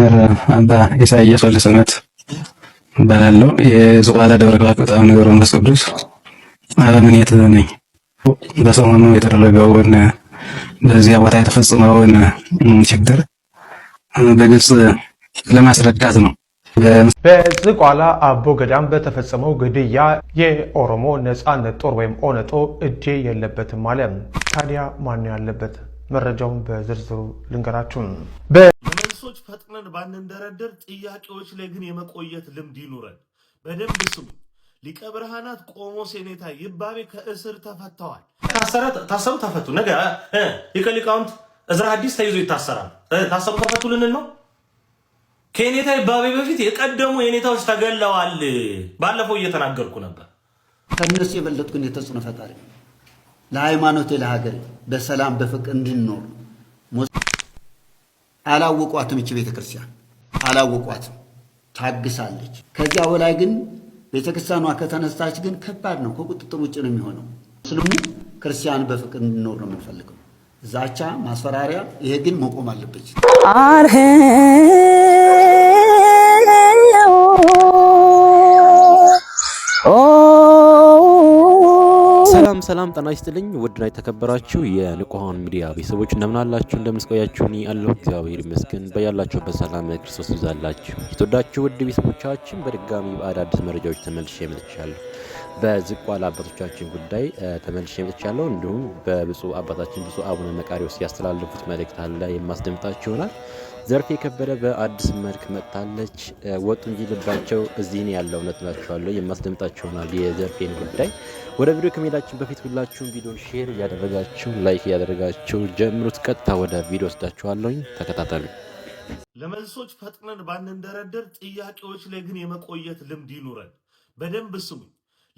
መምህር አባ ኢሳያስ ወልደሰንበት እባላለሁ። የዝቋላ ደብረ ከዋክብት በጣም ነገሩ መንፈስ ቅዱስ አበምኔት ነኝ። በሰሞኑ የተደረገውን በዚያ ቦታ የተፈጸመውን ችግር በግልጽ ለማስረዳት ነው። በዝቋላ አቦ ገዳም በተፈጸመው ግድያ የኦሮሞ ነጻነት ጦር ወይም ኦነጦ እጄ የለበትም አለ። ታዲያ ማን ያለበት? መረጃውን በዝርዝሩ ልንገራችሁ። መልሶች ፈጥነን ባንንደረደር ጥያቄዎች ላይ ግን የመቆየት ልምድ ይኑረን። በደንብ ስሙ። ሊቀ ብርሃናት ቆሞ ሴኔታ ይባቤ ከእስር ተፈተዋል። ታሰሩ፣ ተፈቱ። ነገ ሊቀ ሊቃውንት እዝራ አዲስ ተይዞ ይታሰራል። ታሰሩ፣ ተፈቱ ልንን ነው። ከኔታ ይባቤ በፊት የቀደሙ የኔታዎች ተገለዋል። ባለፈው እየተናገርኩ ነበር። ከእነሱ የበለጥኩ የተጽዕኖ ፈጣሪ ለሃይማኖቴ፣ ለሀገሬ በሰላም በፍቅር እንድንኖር አላወቋትም። እች ቤተ ክርስቲያን አላወቋትም፣ ታግሳለች። ከዚያ በላይ ግን ቤተ ክርስቲያኗ ከተነሳች ግን ከባድ ነው፣ ከቁጥጥር ውጭ ነው የሚሆነው። ስልሙ ክርስቲያን በፍቅር እንዲኖር ነው የምንፈልገው። ዛቻ፣ ማስፈራሪያ፣ ይሄ ግን መቆም አለበት። ሰላም ሰላም፣ ጤና ይስጥልኝ ውድና የተከበራችሁ የንቁሃን ሚዲያ ቤተሰቦች እንደምናላችሁ፣ እንደምንስቆያችሁ እኔ አለሁ እግዚአብሔር ይመስገን። በያላችሁበት ሰላም ክርስቶስ ይዛላችሁ። የተወዳችሁ ውድ ቤተሰቦቻችን በድጋሚ በአዳዲስ መረጃዎች ተመልሼ መጥቻለሁ። በዝቋላ አባቶቻችን ጉዳይ ተመልሼ መጥቻለሁ። እንዲሁም በብፁዕ አባታችን ብፁዕ አቡነ መቃሪዎስ ያስተላለፉት መልእክት አለ የማስደምጣችሁ ይሆናል። ዘርፍ የከበደ በአዲስ መልክ መጥታለች። ወጡ እንጂ ልባቸው እዚህ ነው ያለው። እውነት ናቸዋለሁ የማስደምጣቸው የዘርፌን ጉዳይ። ወደ ቪዲዮ ከመሄዳችን በፊት ሁላችሁም ቪዲዮ ሼር እያደረጋችሁ ላይክ እያደረጋችሁ ጀምሩት። ቀጥታ ወደ ቪዲዮ ወስዳችኋለሁኝ። ተከታተሉ። ለመልሶች ፈጥነን ባንንደረደር፣ ጥያቄዎች ላይ ግን የመቆየት ልምድ ይኑረን። በደንብ ስሙኝ።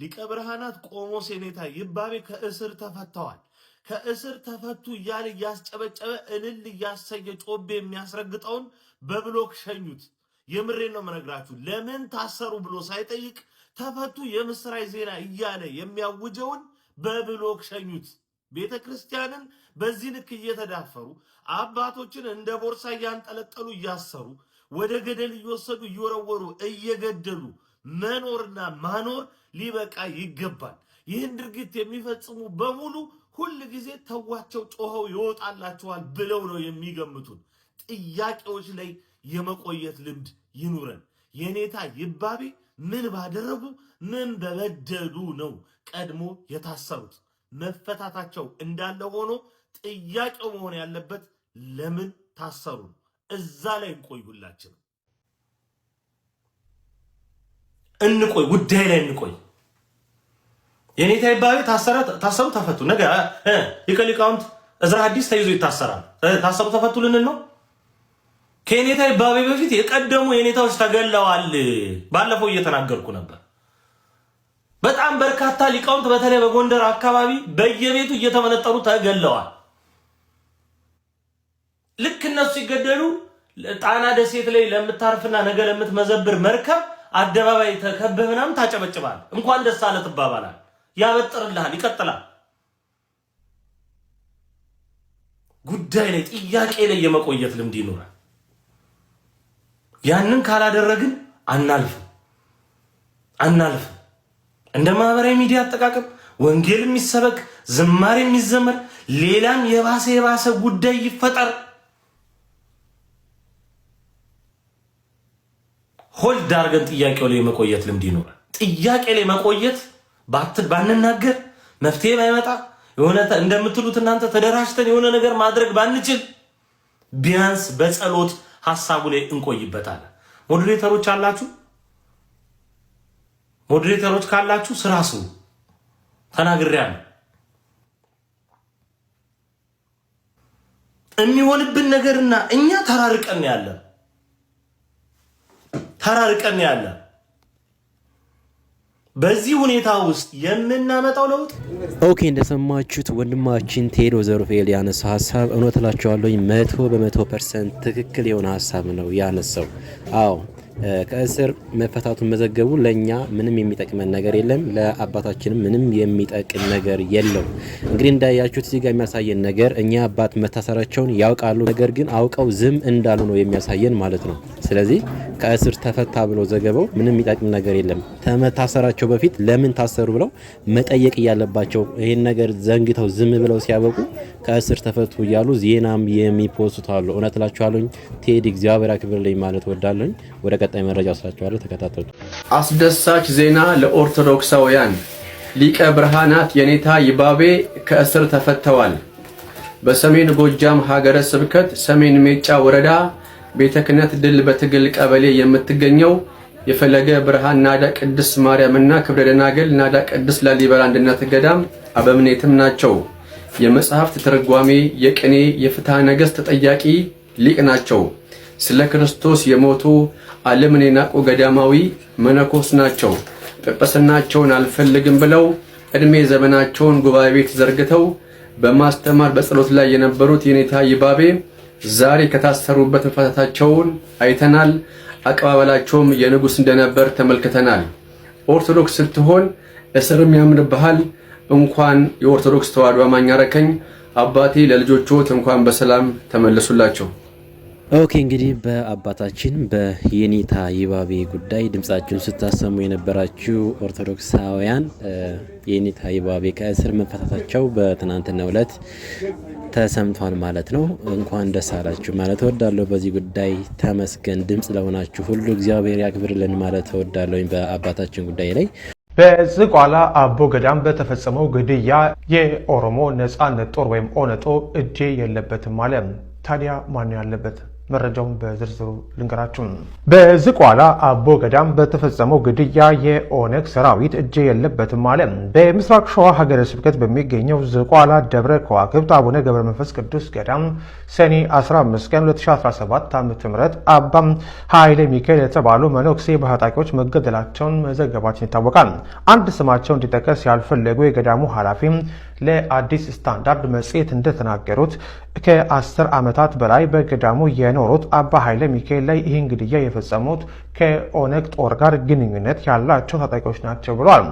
ሊቀ ብርሃናት ቆሞ ሴኔታ ይባቤ ከእስር ተፈተዋል። ከእስር ተፈቱ እያለ እያስጨበጨበ እልል እያሰየ ጮቤ የሚያስረግጠውን በብሎክ ሸኙት። የምሬን ነው መነግራችሁ። ለምን ታሰሩ ብሎ ሳይጠይቅ ተፈቱ የምስራች ዜና እያለ የሚያውጀውን በብሎክ ሸኙት። ቤተ ክርስቲያንን በዚህ ልክ እየተዳፈሩ አባቶችን እንደ ቦርሳ እያንጠለጠሉ እያሰሩ ወደ ገደል እየወሰዱ እየወረወሩ እየገደሉ መኖርና ማኖር ሊበቃ ይገባል። ይህን ድርጊት የሚፈጽሙ በሙሉ ሁል ጊዜ ተዋቸው፣ ጮኸው ይወጣላቸዋል ብለው ነው የሚገምቱን። ጥያቄዎች ላይ የመቆየት ልምድ ይኑረን። የኔታ ይባቤ ምን ባደረጉ ምን በበደሉ ነው ቀድሞ የታሰሩት? መፈታታቸው እንዳለ ሆኖ ጥያቄው መሆን ያለበት ለምን ታሰሩ ነው። እዛ ላይ እንቆይ፣ ሁላችንም እንቆይ፣ ጉዳይ ላይ እንቆይ። የኔታ ይባቤ ታሰሩ ተፈቱ። ነገ የቀ ሊቃውንት እዝራ አዲስ ተይዞ ይታሰራል። ታሰሩ ተፈቱ ልንል ነው። ከኔታ ይባቤ በፊት የቀደሙ የኔታዎች ተገለዋል። ባለፈው እየተናገርኩ ነበር። በጣም በርካታ ሊቃውንት በተለይ በጎንደር አካባቢ በየቤቱ እየተመነጠሩ ተገለዋል። ልክ እነሱ ሲገደሉ ጣና ደሴት ላይ ለምታርፍና ነገ ለምትመዘብር መርከብ አደባባይ ተከበህ ምናምን ታጨበጭባል። እንኳን ደስ አለ ትባባላል። ያበጥርልሃል። ይቀጥላል። ጉዳይ ላይ ጥያቄ ላይ የመቆየት ልምድ ይኖራል። ያንን ካላደረግን አናልፍም አናልፍም። እንደ ማህበራዊ ሚዲያ አጠቃቀም ወንጌል የሚሰበክ ዝማሬ የሚዘመር ሌላም የባሰ የባሰ ጉዳይ ይፈጠር ሆልድ አድርገን ጥያቄው ላይ የመቆየት ልምድ ይኖራል። ጥያቄ ላይ መቆየት ባንናገር መፍትሄ ባይመጣ የሆነ እንደምትሉት እናንተ ተደራጅተን የሆነ ነገር ማድረግ ባንችል ቢያንስ በጸሎት ሀሳቡ ላይ እንቆይበታለን። ሞዴሬተሮች አላችሁ፣ ሞዴሬተሮች ካላችሁ ስራ ስሩ። ተናግሬያለሁ። የሚሆንብን ነገርና እኛ ተራርቀን ያለ ተራርቀን ያለን በዚህ ሁኔታ ውስጥ የምናመጣው ለውጥ ኦኬ። እንደሰማችሁት ወንድማችን ቴዶ ዘሩፌል ያነሳው ሀሳብ እውነት እላቸዋለሁኝ መቶ በመቶ ፐርሰንት ትክክል የሆነ ሀሳብ ነው ያነሳው። አዎ ከእስር መፈታቱን መዘገቡ ለእኛ ምንም የሚጠቅመን ነገር የለም፣ ለአባታችንም ምንም የሚጠቅም ነገር የለው። እንግዲህ እንዳያችሁት እዚህ ጋር የሚያሳየን ነገር እኛ አባት መታሰራቸውን ያውቃሉ፣ ነገር ግን አውቀው ዝም እንዳሉ ነው የሚያሳየን ማለት ነው። ስለዚህ ከእስር ተፈታ ብሎ ዘገበው ምንም የሚጠቅም ነገር የለም። ከመታሰራቸው በፊት ለምን ታሰሩ ብለው መጠየቅ እያለባቸው ይህን ነገር ዘንግተው ዝም ብለው ሲያበቁ ከእስር ተፈቱ እያሉ ዜናም የሚፖስቱ አሉ። እውነት እላችኋለሁ፣ ቴዲ እግዚአብሔር ያክብርልኝ ማለት ወዳለኝ። ወደ ቀጣይ መረጃ ወስዳችኋለሁ፣ ተከታተሉ። አስደሳች ዜና ለኦርቶዶክሳውያን ሊቀ ብርሃናት የኔታ ይባቤ ከእስር ተፈተዋል። በሰሜን ጎጃም ሀገረ ስብከት ሰሜን ሜጫ ወረዳ ቤተ ክህነት ድል በትግል ቀበሌ የምትገኘው የፈለገ ብርሃን ናዳ ቅድስ ማርያምና ክብረ ደናግል ናዳ ቅድስ ላሊበላ አንድነት ገዳም አበምኔትም ናቸው። የመጽሐፍት ትርጓሜ፣ የቅኔ፣ የፍትሐ ነገሥት ተጠያቂ ሊቅ ናቸው። ስለ ክርስቶስ የሞቱ ዓለምን የናቁ ገዳማዊ መነኮስ ናቸው። ጵጵስናቸውን አልፈልግም ብለው ዕድሜ ዘመናቸውን ጉባኤ ቤት ዘርግተው በማስተማር በጸሎት ላይ የነበሩት የኔታ ይባቤ ዛሬ ከታሰሩበት መፈታታቸውን አይተናል። አቀባበላቸውም የንጉሥ እንደነበር ተመልክተናል። ኦርቶዶክስ ስትሆን እስርም ያምርብሃል። እንኳን የኦርቶዶክስ ተዋሕዶ አማኝ አረከኝ አባቴ ለልጆችዎት እንኳን በሰላም ተመለሱላቸው። ኦኬ እንግዲህ በአባታችን በየኔታ ይባቤ ጉዳይ ድምጻችሁን ስታሰሙ የነበራችሁ ኦርቶዶክሳውያን የኔታ ይባቤ ከእስር መፈታታቸው በትናንትናው ዕለት ተሰምቷል ማለት ነው። እንኳን ደስ አላችሁ ማለት እወዳለሁ። በዚህ ጉዳይ ተመስገን ድምፅ ለሆናችሁ ሁሉ እግዚአብሔር ያክብርልን ማለት እወዳለሁኝ በአባታችን ጉዳይ ላይ በዝቋላ አቦ ገዳም በተፈጸመው ግድያ የኦሮሞ ነፃነት ጦር ወይም ኦነጦ እጄ የለበትም አለ። ታዲያ ማን ያለበት? መረጃውን በዝርዝሩ ልንገራችሁ። በዝቋላ አቦ ገዳም በተፈጸመው ግድያ የኦነግ ሰራዊት እጅ የለበትም አለ። በምስራቅ ሸዋ ሀገረ ስብከት በሚገኘው ዝቋላ ደብረ ከዋክብት አቡነ ገብረ መንፈስ ቅዱስ ገዳም ሰኔ 15 ቀን 2017 ዓ.ም አባ ኃይለ ሚካኤል የተባሉ መነኩሴ በታጣቂዎች መገደላቸውን መዘገባችን ይታወቃል። አንድ ስማቸው እንዲጠቀስ ያልፈለጉ የገዳሙ ኃላፊ ለአዲስ ስታንዳርድ መጽሔት እንደተናገሩት ከአስር ዓመታት በላይ በገዳሙ የኖሩት አባ ኃይለ ሚካኤል ላይ ይህን ግድያ የፈጸሙት ከኦነግ ጦር ጋር ግንኙነት ያላቸው ታጣቂዎች ናቸው ብለዋል።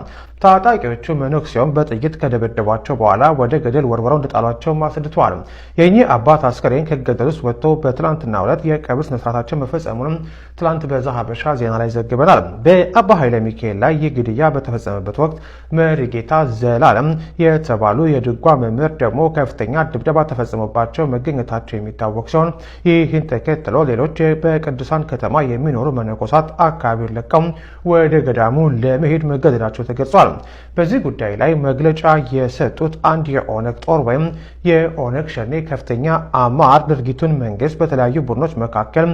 ታጣቂዎቹ መነኩሴውን በጥይት ከደበደቧቸው በኋላ ወደ ገደል ወርወረው እንደጣሏቸው አስረድተዋል። የእኚህ አባት አስከሬን ከገደል ውስጥ ወጥቶ በትላንትና ዕለት የቀብር ስነስርዓታቸው መፈጸሙንም ትላንት በዛ ሀበሻ ዜና ላይ ዘግበናል። በአባ ኃይለ ሚካኤል ላይ ይህ ግድያ በተፈጸመበት ወቅት መሪጌታ ዘላለም የተባሉ የድጓ መምህር ደግሞ ከፍተኛ ድብደባ ተፈጽሞባቸው መገኘታቸው የሚታወቅ ሲሆን ይህን ተከትሎ ሌሎች በቅዱሳን ከተማ የሚኖሩ መነኮ ሰዓት አካባቢውን ለቀው ወደ ገዳሙ ለመሄድ መገደዳቸው ተገልጿል። በዚህ ጉዳይ ላይ መግለጫ የሰጡት አንድ የኦነግ ጦር ወይም የኦነግ ሸኔ ከፍተኛ አማር ድርጊቱን መንግስት በተለያዩ ቡድኖች መካከል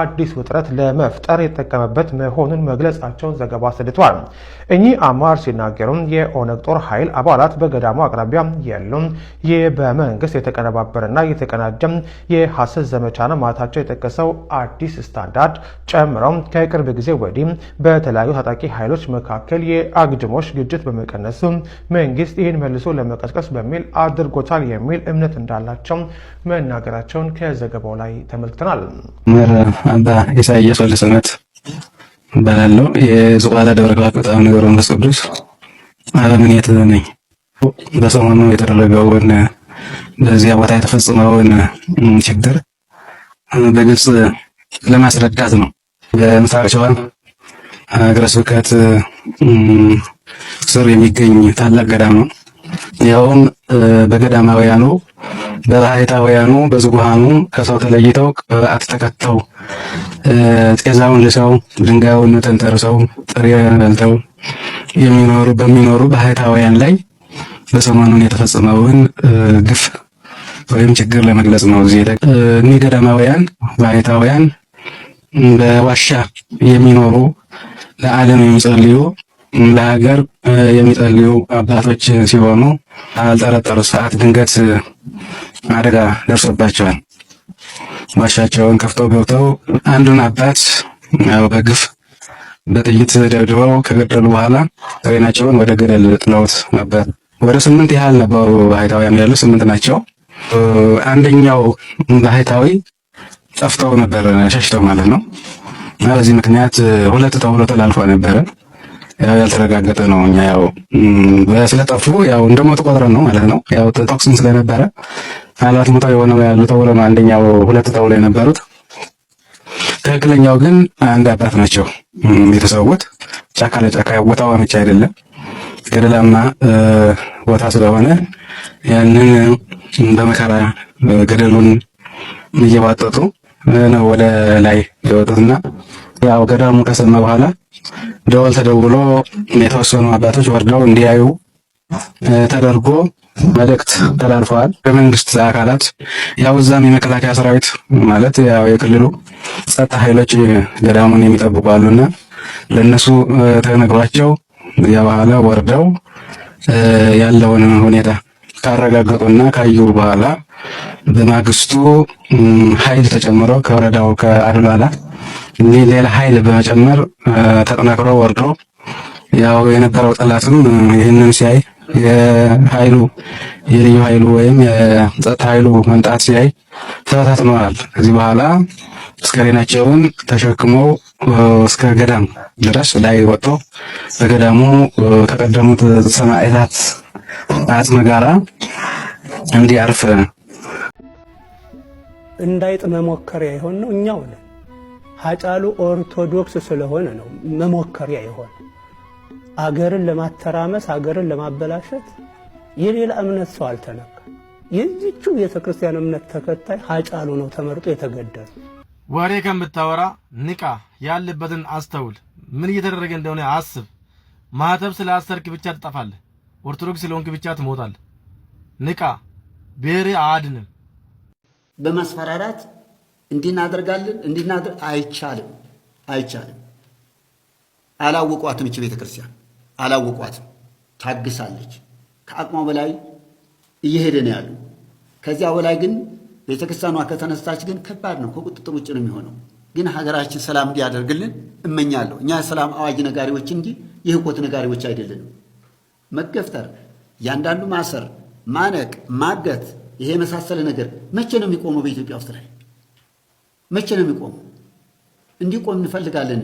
አዲስ ውጥረት ለመፍጠር የጠቀመበት መሆኑን መግለጻቸውን ዘገባ አስልቷል። እኚህ አማር ሲናገሩ የኦነግ ጦር ኃይል አባላት በገዳሙ አቅራቢያ ያሉም ይህ በመንግስት የተቀነባበረና የተቀናጀም የሐሰት ዘመቻ ነው ማለታቸው የጠቀሰው አዲስ ስታንዳርድ ጨምረው ከቅርብ ጊዜ ወዲህ በተለያዩ ታጣቂ ኃይሎች መካከል የአግድሞሽ ግጭት በመቀነሱ መንግስት ይህን መልሶ ለመቀስቀስ በሚል አድርጎታል የሚል እምነት እንዳላቸው መናገራቸውን ከዘገባው ላይ ተመልክተናል። መምህር አባ ኢሳያስ ወልደሰንበት እባላለሁ። የዝቋላ ደብረ ከዋክብት በጣም መንፈስ ቅዱስ አበምኔት ነኝ። በሰሞኑ የተደረገውን በዚያ ቦታ የተፈጸመውን ችግር በግልጽ ለማስረዳት ነው በምስራቅ ሸዋ ሀገረ ስብከት ስር የሚገኝ ታላቅ ገዳም ነው። ያውም በገዳማውያኑ በባሕታውያኑ በዝጉሃኑ ከሰው ተለይተው በበዓት ተከተው ጤዛውን ልሰው ድንጋዩን ተንተርሰው ጥሬ በልተው የሚኖሩ በሚኖሩ ባሕታውያን ላይ በሰሞኑን የተፈጸመውን ግፍ ወይም ችግር ለመግለጽ ነው። እዚህ እኒህ ገዳማውያን ባሕታውያን በዋሻ የሚኖሩ ለዓለም የሚጸልዩ ለሀገር የሚጸልዩ አባቶች ሲሆኑ አልጠረጠሩ ሰዓት ድንገት አደጋ ደርሶባቸዋል። ዋሻቸውን ከፍተው ገብተው አንዱን አባት በግፍ በጥይት ደብድበው ከገደሉ በኋላ ሬሳቸውን ወደ ገደል ጥለውት ነበር። ወደ ስምንት ያህል ነበሩ ባህታውያን ያሉ ስምንት ናቸው። አንደኛው ባህታዊ ጠፍተው ነበረ፣ ሸሽተው ማለት ነው። እና በዚህ ምክንያት ሁለት ተብሎ ተላልፎ ነበረ። ያው ያልተረጋገጠ ነው። እኛ ያው ስለጠፉ ያው እንደሞቱ ቆጥረን ነው ማለት ነው። ያው ተኩስም ስለነበረ ምናልባት ሞታው የሆነ ያሉ ተብሎ ነው አንደኛው ሁለት ተብሎ የነበሩት። ትክክለኛው ግን አንድ አባት ናቸው የተሰዉት። ጫካ ለጫካ ቦታው አመቺ አይደለም፣ ገደላማ ቦታ ስለሆነ ያንን በመከራ ገደሉን እየባጠጡ ነው ወደ ላይ የወጡትና ያው ገዳሙ ከሰማ በኋላ ደወል ተደውሎ የተወሰኑ አባቶች ወርደው እንዲያዩ ተደርጎ መልእክት ተላልፈዋል። በመንግስት አካላት ያው እዛም የመከላከያ ሰራዊት ማለት ያው የክልሉ ጸጥታ ኃይሎች ገዳሙን የሚጠብቁ ለነሱ ተነግሯቸው የበኋላ ወርደው ያለውን ሁኔታ ካረጋገጡና ካዩ በኋላ በማግስቱ ኃይል ተጨምሮ ከወረዳው ከአድባላ ሌላ ኃይል በመጨመር ተጠናክሮ ወርዶ ያው የነበረው ጠላትም ይህንን ሲያይ የኃይሉ የልዩ ኃይሉ ወይም የጸጥታ ኃይሉ መምጣት ሲያይ ተበታትነዋል። ከዚህ በኋላ አስከሬናቸውን ተሸክመው እስከ ገዳም ድረስ ላይ ወጥቶ በገዳሙ ከቀደሙት ሰማዕታት አጽመ ጋራ እንዲያርፍ እንዳይጥ መሞከሪያ የሆን ነው እኛው ነን። ሀጫሉ ኦርቶዶክስ ስለሆነ ነው መሞከሪያ የሆን አገርን ለማተራመስ አገርን ለማበላሸት የሌላ እምነት ሰው አልተነካ። የዚቹ ቤተ ክርስቲያን እምነት ተከታይ ሀጫሉ ነው ተመርጦ የተገደሉ። ወሬ ከምታወራ ንቃ፣ ያለበትን አስተውል፣ ምን እየተደረገ እንደሆነ አስብ። ማህተብ ስለ አሰርክ ብቻ ትጠፋለህ። ኦርቶዶክስ ስለሆንክ ብቻ ትሞታለህ። ንቃ። ብሔር አድንም በማስፈራራት እንዲህ እናደርጋለን እንዲህ አይቻልም፣ አይቻልም። አላወቋትም። እች ቤተ ክርስቲያን አላወቋትም። ታግሳለች። ከአቅሟ በላይ እየሄደ ነው ያሉ። ከዚያ በላይ ግን ቤተ ክርስቲያኗ ከተነሳች ግን ከባድ ነው፣ ከቁጥጥር ውጭ ነው የሚሆነው። ግን ሀገራችን ሰላም እንዲያደርግልን እመኛለሁ። እኛ የሰላም አዋጅ ነጋሪዎች እንጂ የህቆት ነጋሪዎች አይደለንም። መገፍተር፣ እያንዳንዱ ማሰር ማነቅ፣ ማገት፣ ይሄ የመሳሰለ ነገር መቼ ነው የሚቆመው? በኢትዮጵያ ውስጥ ላይ መቼ ነው የሚቆመው? እንዲቆም እንፈልጋለን።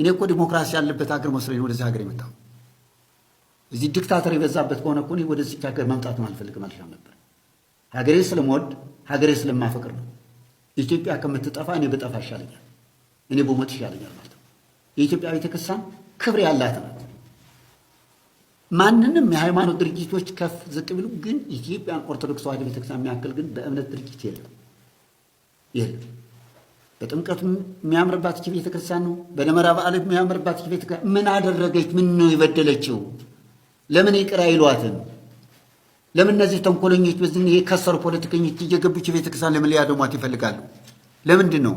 እኔ እኮ ዲሞክራሲ ያለበት ሀገር መስሎኝ ወደዚህ ሀገር የመጣው እዚህ ዲክታተር የበዛበት ከሆነ እኮ ወደዚህ ሀገር መምጣት አልፈልግም አልሻም ነበር። ሀገሬ ስለምወድ ሀገሬ ስለማፈቅር ነው። ኢትዮጵያ ከምትጠፋ እኔ ብጠፋ ይሻለኛል፣ እኔ ብሞት ይሻለኛል ማለት ነው። የኢትዮጵያ ቤተክርስቲያን ክብር ያላት ናት። ማንንም የሃይማኖት ድርጅቶች ከፍ ዝቅ ቢሉ ግን ኢትዮጵያን ኦርቶዶክስ ተዋህዶ ቤተክርስቲያን የሚያክል ግን በእምነት ድርጅት የለም የለም። በጥምቀቱ የሚያምርባት ች ቤተክርስቲያን ነው። በደመራ በዓል የሚያምርባት ች ቤተክርስቲያን ምን አደረገች? ምን ነው የበደለችው? ለምን ይቅር አይሏትም? ለምን እነዚህ ተንኮለኞች በዚህ የከሰሩ ፖለቲከኞች ች ቤተክርስቲያን ለምን ሊያደሟት ይፈልጋሉ? ለምንድን ነው?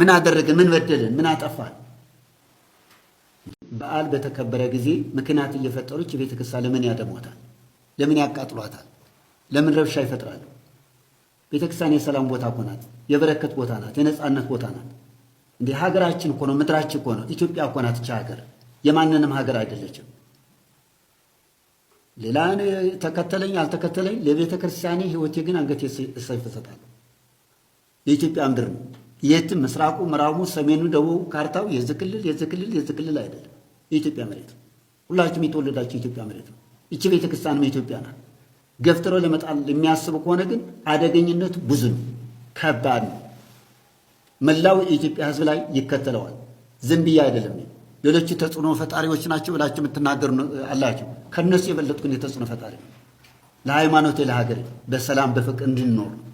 ምን አደረገን? ምን በደለን? ምን አጠፋል? በዓል በተከበረ ጊዜ ምክንያት እየፈጠሩ ይህች ቤተ ክርስቲያን ለምን ያደሟታል? ለምን ያቃጥሏታል? ለምን ረብሻ ይፈጥራሉ? ቤተ ክርስቲያን የሰላም ቦታ እኮ ናት፣ የበረከት ቦታ ናት፣ የነፃነት ቦታ ናት። እንደ ሀገራችን እኮ ነው፣ ምድራችን እኮ ነው፣ ኢትዮጵያ እኮ ናት። ሀገር የማንንም ሀገር አይደለችም። ሌላ ተከተለኝ አልተከተለኝ፣ ለቤተ ክርስቲያኔ ሕይወቴ ግን አንገቴ ሰይፍ እሰጣለሁ። የኢትዮጵያ ምድር ነው። የትም ምስራቁ፣ ምዕራቡ፣ ሰሜኑ፣ ደቡቡ፣ ካርታው የዚህ ክልል የዚህ ክልል የዚህ ክልል አይደለም። የኢትዮጵያ መሬት ነው። ሁላችሁም የተወለዳችሁ የኢትዮጵያ መሬት ነው። ይቺ ቤተክርስቲያንም የኢትዮጵያ ናት። ገፍትሮ ለመጣል የሚያስቡ ከሆነ ግን አደገኝነቱ ብዙ ነው፣ ከባድ ነው። መላው የኢትዮጵያ ሕዝብ ላይ ይከተለዋል። ዝም ብዬ አይደለም። ሌሎቹ ተጽዕኖ ፈጣሪዎች ናቸው ብላችሁ የምትናገሩ አላቸው። ከእነሱ የበለጡ ግን የተጽዕኖ ፈጣሪ ነው። ለሃይማኖቴ፣ ለሀገሬ በሰላም በፍቅር እንድንኖር ነው።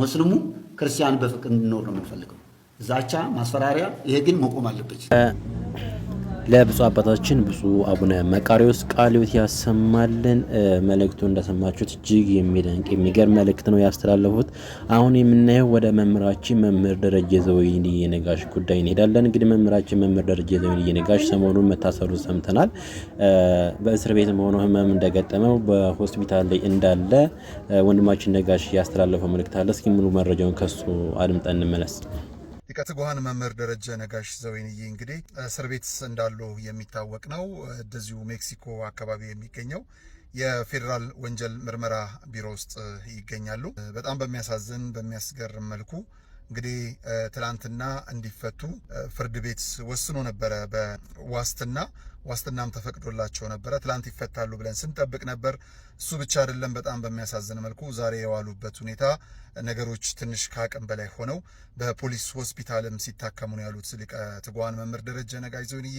ሙስሊሙ ክርስቲያን በፍቅር እንድንኖር ነው የምንፈልገው። ዛቻ፣ ማስፈራሪያ ይሄ ግን መቆም አለበት። ለብፁ አባታችን ብፁ አቡነ መቃሪዎስ ቃለ ሕይወት ያሰማልን። መልእክቱ እንደሰማችሁት እጅግ የሚደንቅ የሚገርም መልእክት ነው ያስተላለፉት። አሁን የምናየው ወደ መምህራችን መምህር ደረጀ ዘወይንዬ ነጋሽ ጉዳይ እንሄዳለን። እንግዲህ መምህራችን መምህር ደረጀ ዘወይንዬ ነጋሽ ሰሞኑን መታሰሩ ሰምተናል። በእስር ቤት መሆኑ ህመም እንደገጠመው በሆስፒታል ላይ እንዳለ ወንድማችን ነጋሽ ያስተላለፈው መልእክት አለ። እስኪ ሙሉ መረጃውን ከሱ አድምጠን እንመለስ። ሊቀ ትጉሃን መምህር ደረጀ ነጋሽ ዘወይንዬ እንግዲህ እስር ቤት እንዳሉ የሚታወቅ ነው። እንደዚሁ ሜክሲኮ አካባቢ የሚገኘው የፌዴራል ወንጀል ምርመራ ቢሮ ውስጥ ይገኛሉ። በጣም በሚያሳዝን በሚያስገርም መልኩ እንግዲህ ትላንትና እንዲፈቱ ፍርድ ቤት ወስኖ ነበረ በዋስትና ዋስትናም ተፈቅዶላቸው ነበረ። ትላንት ይፈታሉ ብለን ስንጠብቅ ነበር። እሱ ብቻ አይደለም፣ በጣም በሚያሳዝን መልኩ ዛሬ የዋሉበት ሁኔታ ነገሮች ትንሽ ከአቅም በላይ ሆነው በፖሊስ ሆስፒታልም ሲታከሙ ነው ያሉት ሊቀ ትጉሃን መምህር ደረጀ ነጋይ ዘወይንዬ፣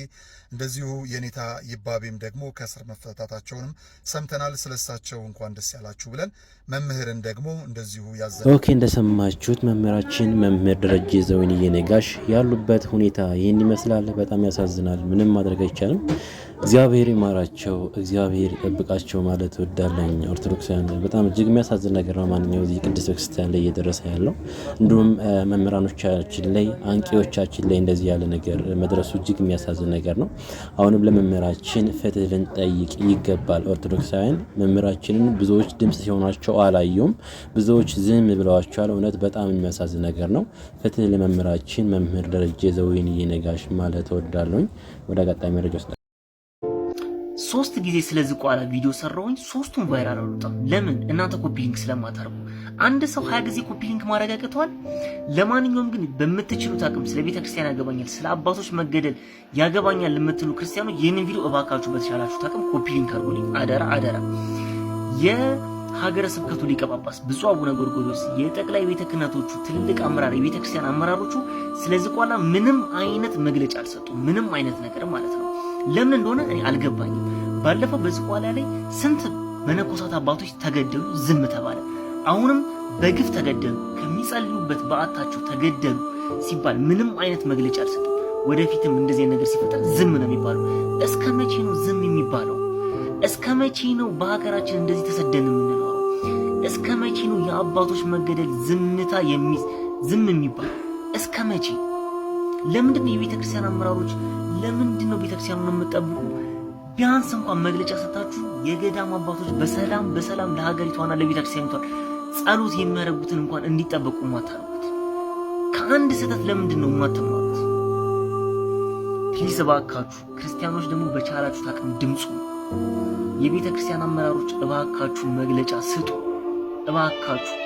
እንደዚሁ የኔታ ይባቤም ደግሞ ከእስር መፈታታቸውንም ሰምተናል። ስለሳቸው እንኳን ደስ ያላችሁ ብለን መምህርን ደግሞ እንደዚሁ ያዘ ኦኬ። እንደሰማችሁት መምህራችን መምህር ደረጀ ዘወይንዬ ነጋሽ ያሉበት ሁኔታ ይህን ይመስላል። በጣም ያሳዝናል። ምንም ማድረግ አይቻልም። እግዚአብሔር ይማራቸው፣ እግዚአብሔር ይጠብቃቸው ማለት ወዳለኝ ኦርቶዶክሳውያን በጣም እጅግ የሚያሳዝን ነገር ነው፣ ማንኛው እዚህ ቅድስት ቤተክርስቲያን ላይ እየደረሰ ያለው እንዲሁም መምህራኖቻችን ላይ አንቂዎቻችን ላይ እንደዚህ ያለ ነገር መድረሱ እጅግ የሚያሳዝን ነገር ነው። አሁንም ለመምህራችን ፍትህ ልንጠይቅ ይገባል። ኦርቶዶክሳውያን መምህራችንን ብዙዎች ድምፅ ሲሆኗቸው አላዩም፣ ብዙዎች ዝም ብለዋቸዋል። እውነት በጣም የሚያሳዝን ነገር ነው። ፍትህ ለመምህራችን መምህር ደረጀ ዘወይንዬ ነጋሽ ማለት ወዳለኝ ወደ አጋጣሚ መረጃ ሶስት ጊዜ ስለ ዝቋላ ቪዲዮ ሰራውኝ፣ ሶስቱም ቫይራል አልወጣም። ለምን እናንተ ኮፒሊንክ ስለማታርጉ። አንድ ሰው ሀያ ጊዜ ኮፒሊንክ ሊንክ ማድረግ ያቅተዋል። ለማንኛውም ግን በምትችሉት አቅም ስለ ቤተ ክርስቲያን ያገባኛል፣ ስለ አባቶች መገደል ያገባኛል ለምትሉ ክርስቲያኖች ይህንን ቪዲዮ እባካችሁ በተቻላችሁት አቅም ኮፒሊንክ አርጉልኝ። አደራ አደራ። የሀገረ ስብከቱ ሊቀ ጳጳስ ብፁዕ አቡነ ጎርጎርዮስ የጠቅላይ ቤተ ክህነቶቹ ትልቅ አመራር የቤተ ክርስቲያን አመራሮቹ ስለ ዝቋላ ምንም አይነት መግለጫ አልሰጡም። ምንም አይነት ነገር ማለት ነው። ለምን እንደሆነ እኔ አልገባኝም። ባለፈው በዝቋላ ላይ ስንት መነኮሳት አባቶች ተገደሉ፣ ዝም ተባለ። አሁንም በግፍ ተገደሉ፣ ከሚጸልዩበት በዓታቸው ተገደሉ ሲባል ምንም አይነት መግለጫ አልሰጡ። ወደፊትም እንደዚህ ነገር ሲፈጠር ዝም ነው የሚባለው። እስከ መቼ ነው ዝም የሚባለው? እስከ መቼ ነው በሀገራችን እንደዚህ ተሰደን የምንኖረው? እስከ መቼ ነው የአባቶች መገደል ዝምታ ዝም የሚባለው? እስከ መቼ? ለምንድን ነው የቤተክርስቲያን አመራሮች፣ ለምንድን ነው ቤተክርስቲያኑን የምጠብቁ? ቢያንስ እንኳን መግለጫ ሰጣችሁ የገዳም አባቶች በሰላም በሰላም ለሀገሪቷና ለቤተክርስቲያን ጸሎት የሚያደርጉትን እንኳን እንዲጠበቁ ማታረጉት ከአንድ ስህተት ለምንድን ነው የማትማሩት? ፕሊዝ እባካችሁ ክርስቲያኖች ደግሞ በቻላችሁ ታቅም ድምፁ የቤተ ክርስቲያን አመራሮች እባካችሁ መግለጫ ስጡ። እባካችሁ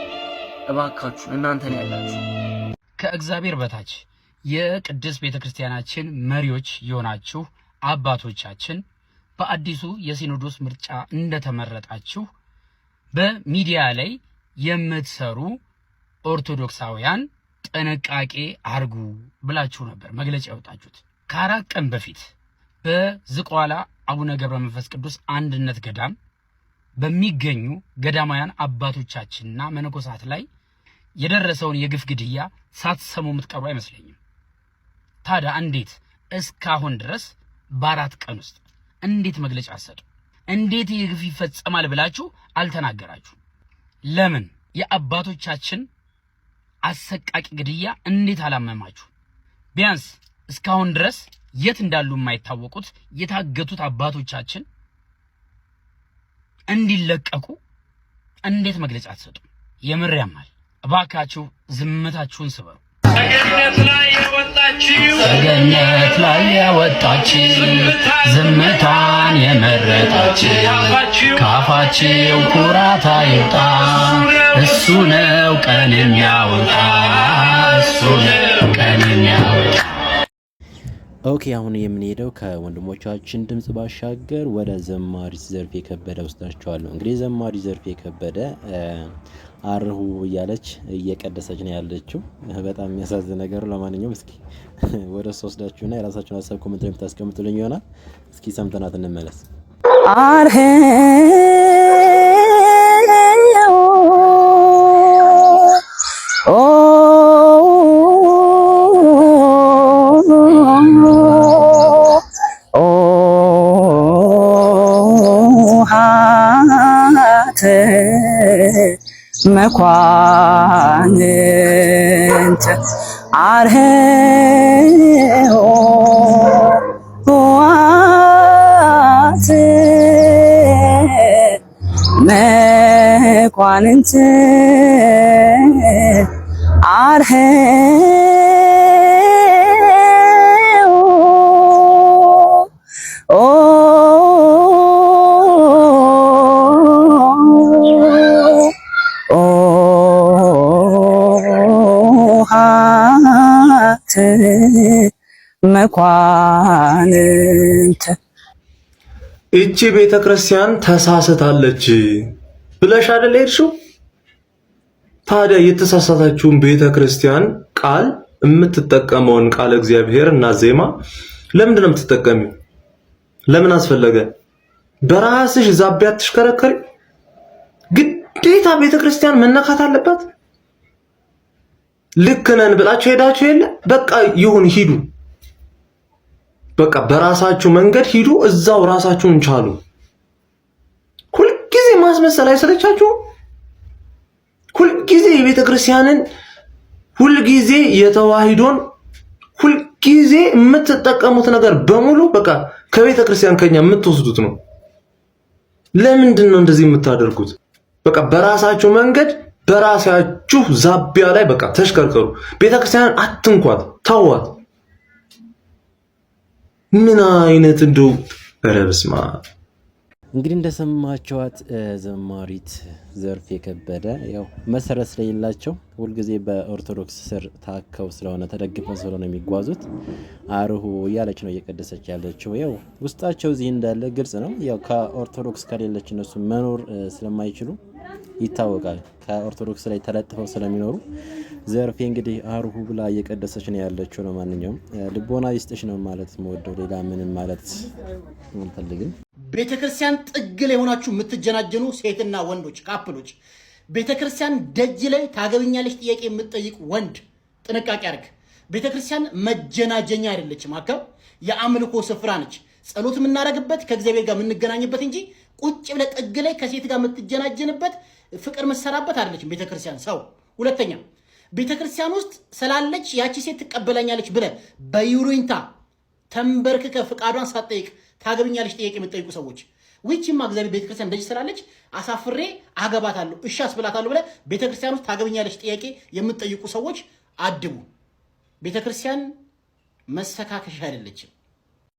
እባካችሁ እናንተ ነው ያላችሁ። ከእግዚአብሔር በታች የቅድስት ቤተ ክርስቲያናችን መሪዎች የሆናችሁ አባቶቻችን በአዲሱ የሲኖዶስ ምርጫ እንደተመረጣችሁ በሚዲያ ላይ የምትሰሩ ኦርቶዶክሳውያን ጥንቃቄ አርጉ ብላችሁ ነበር መግለጫ ያወጣችሁት። ከአራት ቀን በፊት በዝቋላ አቡነ ገብረ መንፈስ ቅዱስ አንድነት ገዳም በሚገኙ ገዳማውያን አባቶቻችንና መነኮሳት ላይ የደረሰውን የግፍ ግድያ ሳትሰሙ የምትቀሩ አይመስለኝም። ታዲያ እንዴት እስካሁን ድረስ በአራት ቀን ውስጥ እንዴት መግለጫ አሰጡ? እንዴት ይህ ግፍ ይፈጸማል ብላችሁ አልተናገራችሁ? ለምን የአባቶቻችን አሰቃቂ ግድያ እንዴት አላመማችሁ? ቢያንስ እስካሁን ድረስ የት እንዳሉ የማይታወቁት የታገቱት አባቶቻችን እንዲለቀቁ እንዴት መግለጫ አትሰጡም? የምር ያማል። እባካችሁ ዝምታችሁን ስበሩ። ሰገነት ላይ ያወጣችው ዝምታን የመረጣችው ካፋችው ኩራት አይውጣ እሱ ነው ቀን የሚያወጣ እሱ ነው ቀን የሚያወጣ ኦኬ አሁን የምንሄደው ከወንድሞቻችን ድምጽ ባሻገር ወደ ዘማሪ ዘርፌ ከበደ ወስዳቸዋለሁ። እንግዲህ ዘማሪ ዘርፌ ከበደ አርሁ እያለች እየቀደሰች ነው ያለችው። በጣም የሚያሳዝን ነገሩ። ለማንኛውም እስኪ ወደ እሷ ወስዳችሁና የራሳችሁን ሀሳብ ኮመንት የምታስቀምጡልኝ ይሆናል። እስኪ ሰምተናት እንመለስ። መኳንንት አርኅዮ ውአት መኳንንት መኳንንት እቺ ቤተ ክርስቲያን ተሳስታለች ብለሽ አይደል ሄድሽው? ታዲያ የተሳሳተችውን ቤተ ክርስቲያን ቃል የምትጠቀመውን ቃል እግዚአብሔር እና ዜማ ለምንድን ነው የምትጠቀሚው? ለምን አስፈለገ? በራስሽ ዛቢያ አትሽከረከሪ። ግዴታ ቤተ ክርስቲያን መነካት አለባት? ልክ ነን ብላችሁ ሄዳችሁ የለ? በቃ ይሁን ሂዱ። በቃ በራሳችሁ መንገድ ሂዱ፣ እዛው ራሳችሁን ቻሉ። ሁልጊዜ ማስመሰል አይሰለቻችሁ? ሁልጊዜ የቤተ ክርስቲያንን፣ ሁልጊዜ የተዋሂዶን፣ ሁልጊዜ የምትጠቀሙት ነገር በሙሉ በቃ ከቤተ ክርስቲያን ከኛ የምትወስዱት ነው። ለምንድን ነው እንደዚህ የምታደርጉት? በቃ በራሳችሁ መንገድ በራሳችሁ ዛቢያ ላይ በቃ ተሽከርከሩ። ቤተክርስቲያንን አትንኳት፣ ተዋት። ምን አይነት እንደው ኧረ እንግዲህ እንደሰማችኋት ዘማሪት ዘርፍ የከበደ ያው መሰረት ስለሌላቸው ሁልጊዜ በኦርቶዶክስ ስር ታከው ስለሆነ ተደግፈው ስለሆነ የሚጓዙት አርሁ እያለች ነው እየቀደሰች ያለችው። ያው ውስጣቸው እዚህ እንዳለ ግልጽ ነው። ያው ከኦርቶዶክስ ከሌለች እነሱ መኖር ስለማይችሉ ይታወቃል። ከኦርቶዶክስ ላይ ተለጥፈው ስለሚኖሩ ዘርፌ እንግዲህ አርሁ ብላ እየቀደሰች ነው ያለችው። ለማንኛውም ልቦና ይስጥሽ ነው ማለት መወደው። ሌላ ምንም ማለት አልፈልግም። ቤተክርስቲያን ጥግ ላይ የሆናችሁ የምትጀናጀኑ ሴትና ወንዶች ካፕሎች፣ ቤተክርስቲያን ደጅ ላይ ታገብኛለች ጥያቄ የምትጠይቅ ወንድ ጥንቃቄ አድርግ። ቤተክርስቲያን መጀናጀኛ አይደለችም፣ አካብ የአምልኮ ስፍራ ነች። ጸሎት የምናደርግበት ከእግዚአብሔር ጋር የምንገናኝበት እንጂ ቁጭ ብለህ ጥግ ላይ ከሴት ጋር የምትጀናጀንበት ፍቅር የምትሰራበት አይደለችም ቤተክርስቲያን። ሰው ሁለተኛ ቤተክርስቲያን ውስጥ ስላለች ያቺ ሴት ትቀበለኛለች ብለህ በይሩኝታ ተንበርክከ ፍቃዷን ሳትጠይቅ ታገብኛለች ጥያቄ የምትጠይቁ ሰዎች ውጭ ማ እግዚአብሔር ቤተክርስቲያን ደጅ ስላለች አሳፍሬ አገባታለሁ እሺ አስብላታለሁ ብለህ ቤተክርስቲያን ውስጥ ታገብኛለች ጥያቄ የምትጠይቁ ሰዎች አድቡ። ቤተክርስቲያን መሰካከሻ አይደለችም።